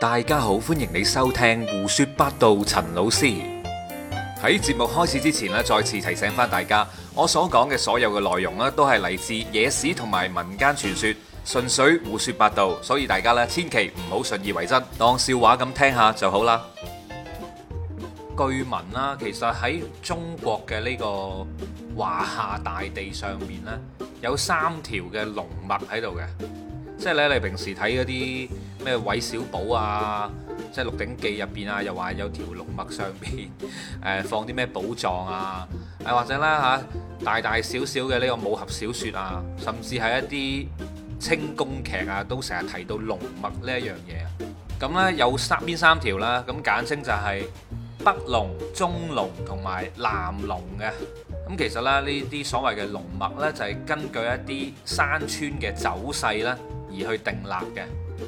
大家好，歡迎你收聽胡說八道。陳老師喺節目開始之前咧，再次提醒翻大家，我所講嘅所有嘅內容咧，都係嚟自野史同埋民間傳說，純粹胡說八道，所以大家咧千祈唔好信以為真，當笑話咁聽下就好啦。據聞啦，其實喺中國嘅呢個華夏大地上面咧，有三條嘅龍脈喺度嘅，即係咧你平時睇嗰啲。即《韋小寶》啊，即係《鹿鼎記》入邊啊，又話有條龍脈上邊誒，放啲咩寶藏啊？誒，或者咧吓大大小小嘅呢個武俠小說啊，甚至係一啲清宮劇啊，都成日提到龍脈呢一樣嘢。咁呢，有三邊三條啦，咁簡稱就係北龍、中龍同埋南龍嘅。咁其實咧呢啲所謂嘅龍脈呢，就係根據一啲山川嘅走勢呢而去定立嘅。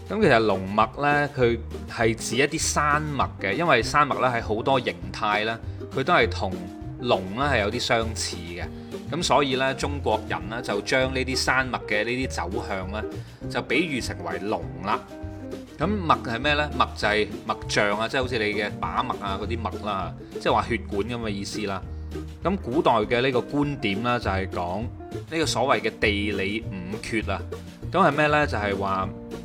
咁其實龍脈呢，佢係指一啲山脈嘅，因為山脈呢係好多形態呢，佢都係同龍呢係有啲相似嘅。咁所以呢，中國人呢就將呢啲山脈嘅呢啲走向呢，就比喻成為龍啦。咁脈係咩呢？脈就係脈象，就是，啊，即係好似你嘅把脈啊嗰啲脈啦，即係話血管咁嘅意思啦。咁古代嘅呢個觀點呢，就係講呢個所謂嘅地理五缺啊。咁係咩呢？就係話。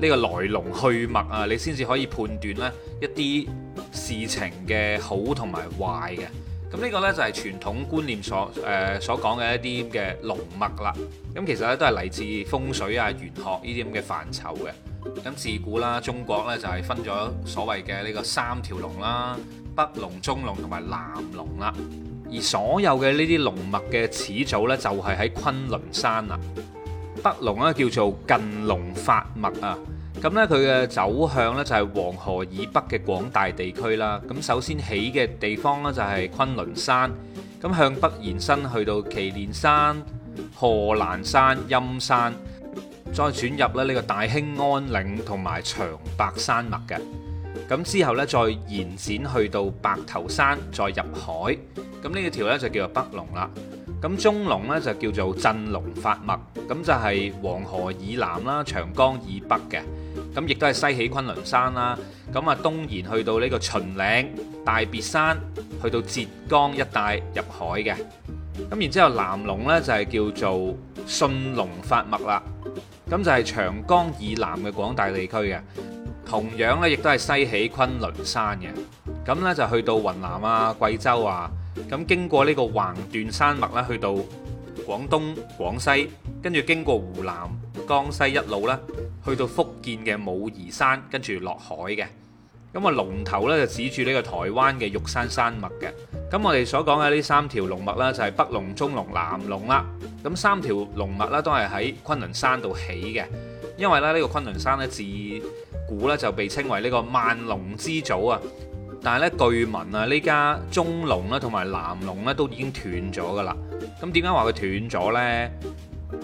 呢個來龍去脈啊，你先至可以判斷呢一啲事情嘅好同埋壞嘅。咁、這、呢個呢，就係傳統觀念所誒、呃、所講嘅一啲嘅龍脈啦。咁其實呢，都係嚟自風水啊、玄學呢啲咁嘅範疇嘅。咁自古啦，中國呢，就係分咗所謂嘅呢個三條龍啦，北龍、中龍同埋南龍啦。而所有嘅呢啲龍脈嘅始祖呢，就係喺昆崙山啦。北龍咧叫做近龍發脈啊，咁咧佢嘅走向咧就係黃河以北嘅廣大地區啦。咁首先起嘅地方咧就係崑崙山，咁向北延伸去到祁連山、賀蘭山、陰山，再轉入咧呢個大興安嶺同埋長白山脈嘅。咁之後咧再延展去到白頭山，再入海。咁呢條咧就叫做北龍啦。咁中龍咧就叫做鎮龍發脈，咁就係黃河以南啦，長江以北嘅，咁亦都係西起昆侖山啦，咁啊東延去到呢個秦嶺、大別山，去到浙江一帶入海嘅。咁然之後南龍咧就係叫做順龍發脈啦，咁就係長江以南嘅廣大地區嘅，同樣咧亦都係西起昆侖山嘅，咁咧就去到雲南啊、貴州啊。咁經過呢個橫斷山脈啦，去到廣東、廣西，跟住經過湖南、江西一路啦，去到福建嘅武夷山，跟住落海嘅。咁啊，龍頭咧就指住呢個台灣嘅玉山山脈嘅。咁、嗯、我哋所講嘅呢三條龍脈啦，就係、是、北龍、中龍、南龍啦。咁、嗯、三條龍脈咧都係喺昆崙山度起嘅，因為咧呢個昆崙山咧自古咧就被稱為呢個萬龍之祖啊。但係咧，據聞啊，呢家中龍啦同埋南龍咧都已經斷咗噶啦。咁點解話佢斷咗呢？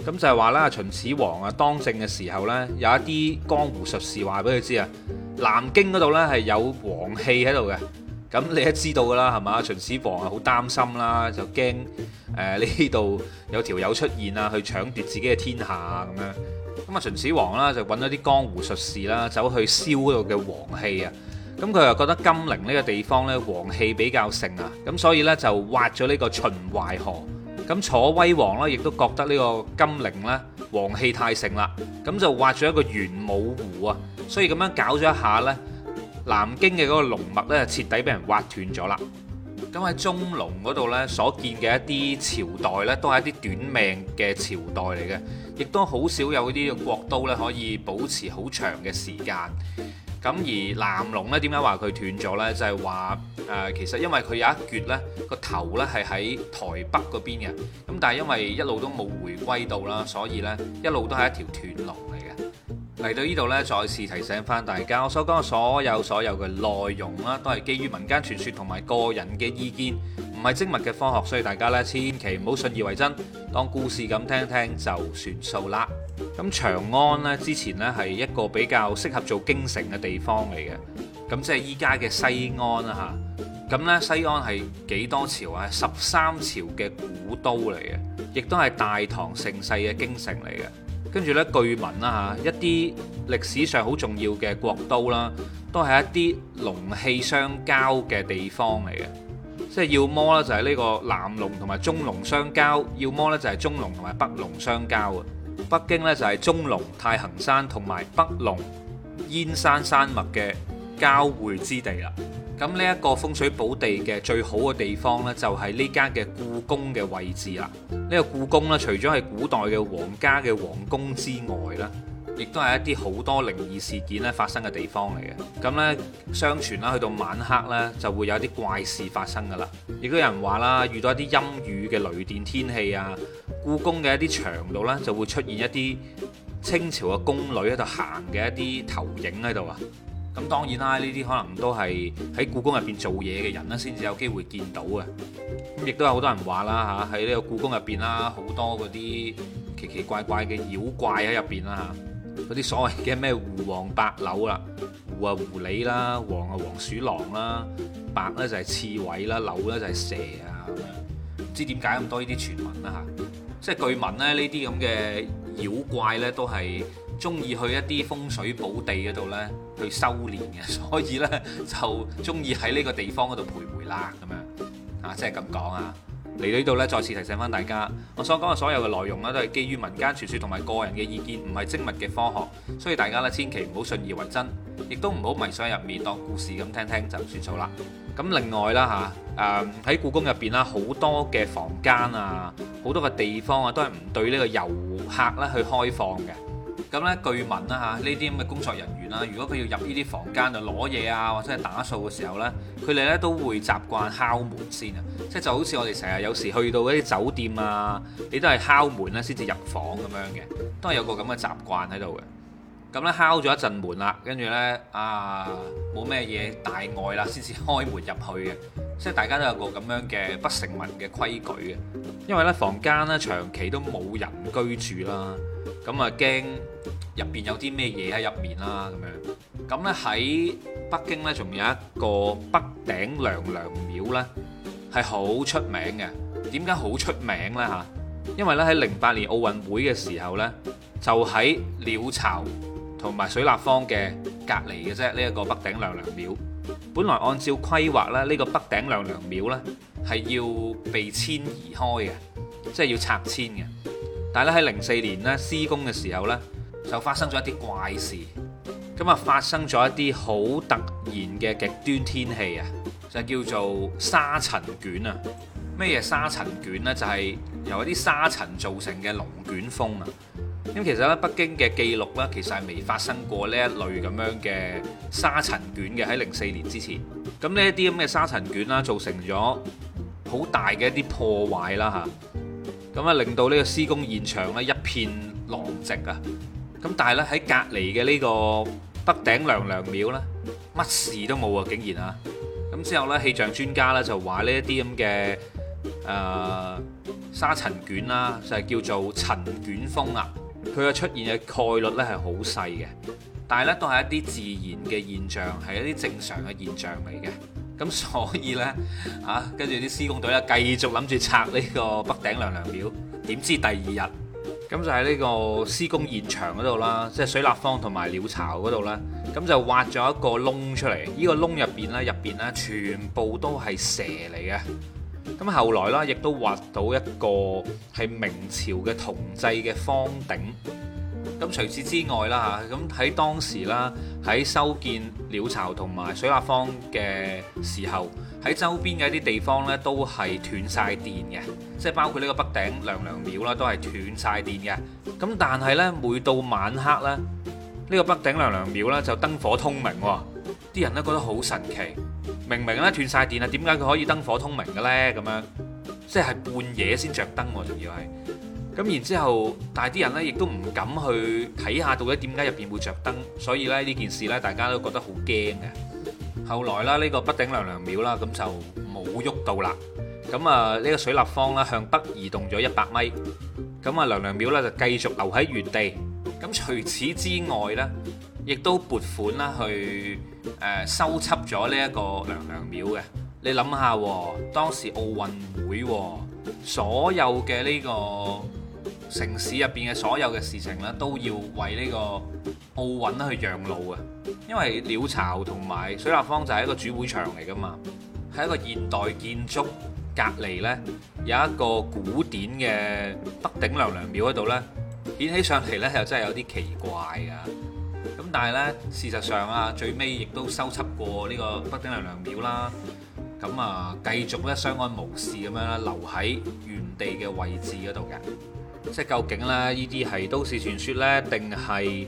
咁就係話啦，秦始皇啊當政嘅時候呢，有一啲江湖術士話俾佢知啊，南京嗰度呢係有王氣喺度嘅。咁你都知道噶啦，係嘛？秦始皇啊，好擔心啦，就驚誒呢度有條友出現啊，去搶奪自己嘅天下啊咁樣。咁啊，秦始皇啦就揾咗啲江湖術士啦，走去燒嗰度嘅王氣啊。咁佢又覺得金陵呢個地方呢，王氣比較盛啊，咁所以呢，就挖咗呢個秦淮河。咁楚威王呢亦都覺得呢個金陵呢，王氣太盛啦，咁就挖咗一個玄武湖啊。所以咁樣搞咗一下呢，南京嘅嗰個龍脈呢係徹底俾人挖斷咗啦。咁喺中龍嗰度呢，所見嘅一啲朝代呢，都係一啲短命嘅朝代嚟嘅，亦都好少有嗰啲國都呢，可以保持好長嘅時間。咁而南龍咧，點解話佢斷咗咧？就係話誒，其實因為佢有一撅咧，個頭咧係喺台北嗰邊嘅。咁但係因為一路都冇回歸到啦，所以咧一路都係一條斷龍嚟嘅。嚟到呢度咧，再次提醒返大家，我所講嘅所有所有嘅內容啦，都係基於民間傳說同埋個人嘅意見，唔係精密嘅科學，所以大家咧千祈唔好信以為真，當故事咁聽聽就算數啦。咁長安呢，之前呢係一個比較適合做京城嘅地方嚟嘅。咁即係依家嘅西安啦，嚇咁呢西安係幾多朝啊？十三朝嘅古都嚟嘅，亦都係大唐盛世嘅京城嚟嘅。跟住呢，據聞啦嚇，一啲歷史上好重要嘅國都啦，都係一啲龍氣相交嘅地方嚟嘅。即係要麼呢就係呢個南龍同埋中龍相交，要麼呢就係中龍同埋北龍相交啊。北京咧就係中龍、太行山同埋北龍燕山山脈嘅交匯之地啦。咁呢一個風水寶地嘅最好嘅地方呢，就係呢間嘅故宮嘅位置啦。呢、呢個故宮呢，除咗係古代嘅皇家嘅皇宮之外呢。亦都係一啲好多靈異事件咧發生嘅地方嚟嘅。咁呢，相傳啦，去到晚黑呢，就會有一啲怪事發生噶啦。亦都有人話啦，遇到一啲陰雨嘅雷電天氣啊，故宮嘅一啲牆度呢，就會出現一啲清朝嘅宮女喺度行嘅一啲投影喺度啊。咁當然啦，呢啲可能都係喺故宮入邊做嘢嘅人咧先至有機會見到嘅。咁亦都有好多人話啦嚇，喺呢個故宮入邊啦，好多嗰啲奇奇怪怪嘅妖怪喺入邊啦。嗰啲所謂嘅咩狐黃白柳啦，狐啊狐狸啦，黃啊黃鼠狼啦，白咧就係刺蝟啦，柳咧就係蛇啊咁樣。唔知點解咁多呢啲傳聞啦嚇，即係據聞咧呢啲咁嘅妖怪咧都係中意去一啲風水寶地嗰度咧去修煉嘅，所以咧就中意喺呢個地方嗰度徘徊啦咁樣啊，即係咁講啊。嚟到呢度呢，再次提醒翻大家，我所講嘅所有嘅內容呢，都係基於民間傳說同埋個人嘅意見，唔係精密嘅科學，所以大家呢，千祈唔好信以為真，亦都唔好迷上入面當故事咁聽聽就算數啦。咁另外啦嚇，誒、嗯、喺故宮入邊啦，好多嘅房間啊，好多嘅地方啊，都係唔對呢個遊客咧去開放嘅。咁咧，據聞啦吓，呢啲咁嘅工作人員啦，如果佢要入呢啲房間度攞嘢啊，或者係打掃嘅時候呢，佢哋咧都會習慣敲門先啊，即係就好似我哋成日有時去到嗰啲酒店啊，你都係敲門咧先至入房咁樣嘅，都係有個咁嘅習慣喺度嘅。咁咧敲咗一陣門啦，跟住呢，啊冇咩嘢大礙啦，先至開門入去嘅，即係大家都有個咁樣嘅不成文嘅規矩嘅，因為呢，房間呢長期都冇人居住啦。咁啊，驚入邊有啲咩嘢喺入面啦，咁樣。咁咧喺北京呢，仲有一個北頂娘娘廟呢，係好出名嘅。點解好出名呢？吓？因為呢，喺零八年奧運會嘅時候呢，就喺鳥巢同埋水立方嘅隔籬嘅啫。呢一個北頂娘娘廟，本來按照規劃咧，呢個北頂娘娘廟呢，係要被遷移開嘅，即係要拆遷嘅。但係喺零四年咧，施工嘅時候呢，就發生咗一啲怪事，咁啊發生咗一啲好突然嘅極端天氣啊，就叫做沙塵捲啊。咩嘢沙塵捲呢？就係由一啲沙塵造成嘅龍捲風啊。咁其實咧，北京嘅記錄呢，其實係未發生過呢一類咁樣嘅沙塵捲嘅喺零四年之前。咁呢一啲咁嘅沙塵捲啦，造成咗好大嘅一啲破壞啦嚇。咁啊，令到呢個施工現場咧一片狼藉啊！咁但係咧喺隔離嘅呢個北頂娘娘廟呢，乜事都冇啊，竟然啊！咁之後呢，氣象專家呢就話呢一啲咁嘅誒沙塵捲啦，就係叫做塵捲風啊。佢嘅出現嘅概率呢係好細嘅，但係呢，都係一啲自然嘅現象，係一啲正常嘅現象嚟嘅。咁所以呢，啊，跟住啲施工隊啊，繼續諗住拆呢個北頂娘娘廟，點知第二日咁就喺呢個施工現場嗰度啦，即係水立方同埋鳥巢嗰度啦，咁就挖咗一個窿出嚟。呢個窿入邊呢，入邊呢，全部都係蛇嚟嘅。咁後來啦，亦都挖到一個係明朝嘅銅製嘅方頂。咁除此之外啦吓，咁喺當時啦，喺修建鳥巢同埋水立方嘅時候，喺周邊嘅一啲地方呢都係斷晒電嘅，即係包括呢個北頂娘娘廟啦，都係斷晒電嘅。咁但係呢，每到晚黑呢，呢個北頂娘娘廟呢就燈火通明喎，啲人都覺得好神奇。明明呢斷晒電啊，點解佢可以燈火通明嘅呢？咁樣即係半夜先著燈喎，仲要係。咁然之後，但係啲人咧，亦都唔敢去睇下到底點解入邊會著燈，所以咧呢件事咧，大家都覺得好驚嘅。後來啦，呢個北頂娘娘廟啦，咁就冇喐到啦。咁啊，呢個水立方啦，向北移動咗一百米。咁啊，娘娘廟咧就繼續留喺原地。咁除此之外咧，亦都撥款啦去誒修葺咗呢一個娘娘廟嘅。你諗下，當時奧運會所有嘅呢個，城市入邊嘅所有嘅事情咧，都要為呢個奧運去讓路啊！因為鳥巢同埋水立方就係一個主會場嚟㗎嘛，喺一個現代建築隔離呢，有一個古典嘅北頂娘娘廟嗰度呢。顯起上嚟呢，又真係有啲奇怪啊！咁但係呢，事實上啊，最尾亦都修葺過呢個北頂娘娘廟啦，咁啊繼續呢，相安無事咁樣咧，留喺原地嘅位置嗰度嘅。即究竟咧，呢啲係都市傳說呢？定係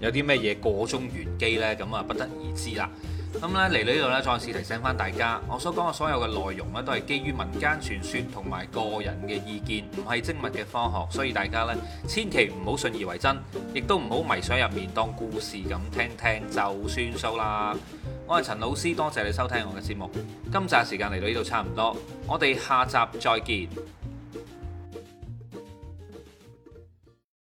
有啲咩嘢個中玄機呢？咁啊，不得而知啦。咁呢，嚟到呢度呢，再次提醒翻大家，我所講嘅所有嘅內容呢，都係基於民間傳說同埋個人嘅意見，唔係精密嘅科學，所以大家呢，千祈唔好信以為真，亦都唔好迷上入面當故事咁聽聽就算數啦。我係陳老師，多謝你收聽我嘅節目。今集時間嚟到呢度差唔多，我哋下集再見。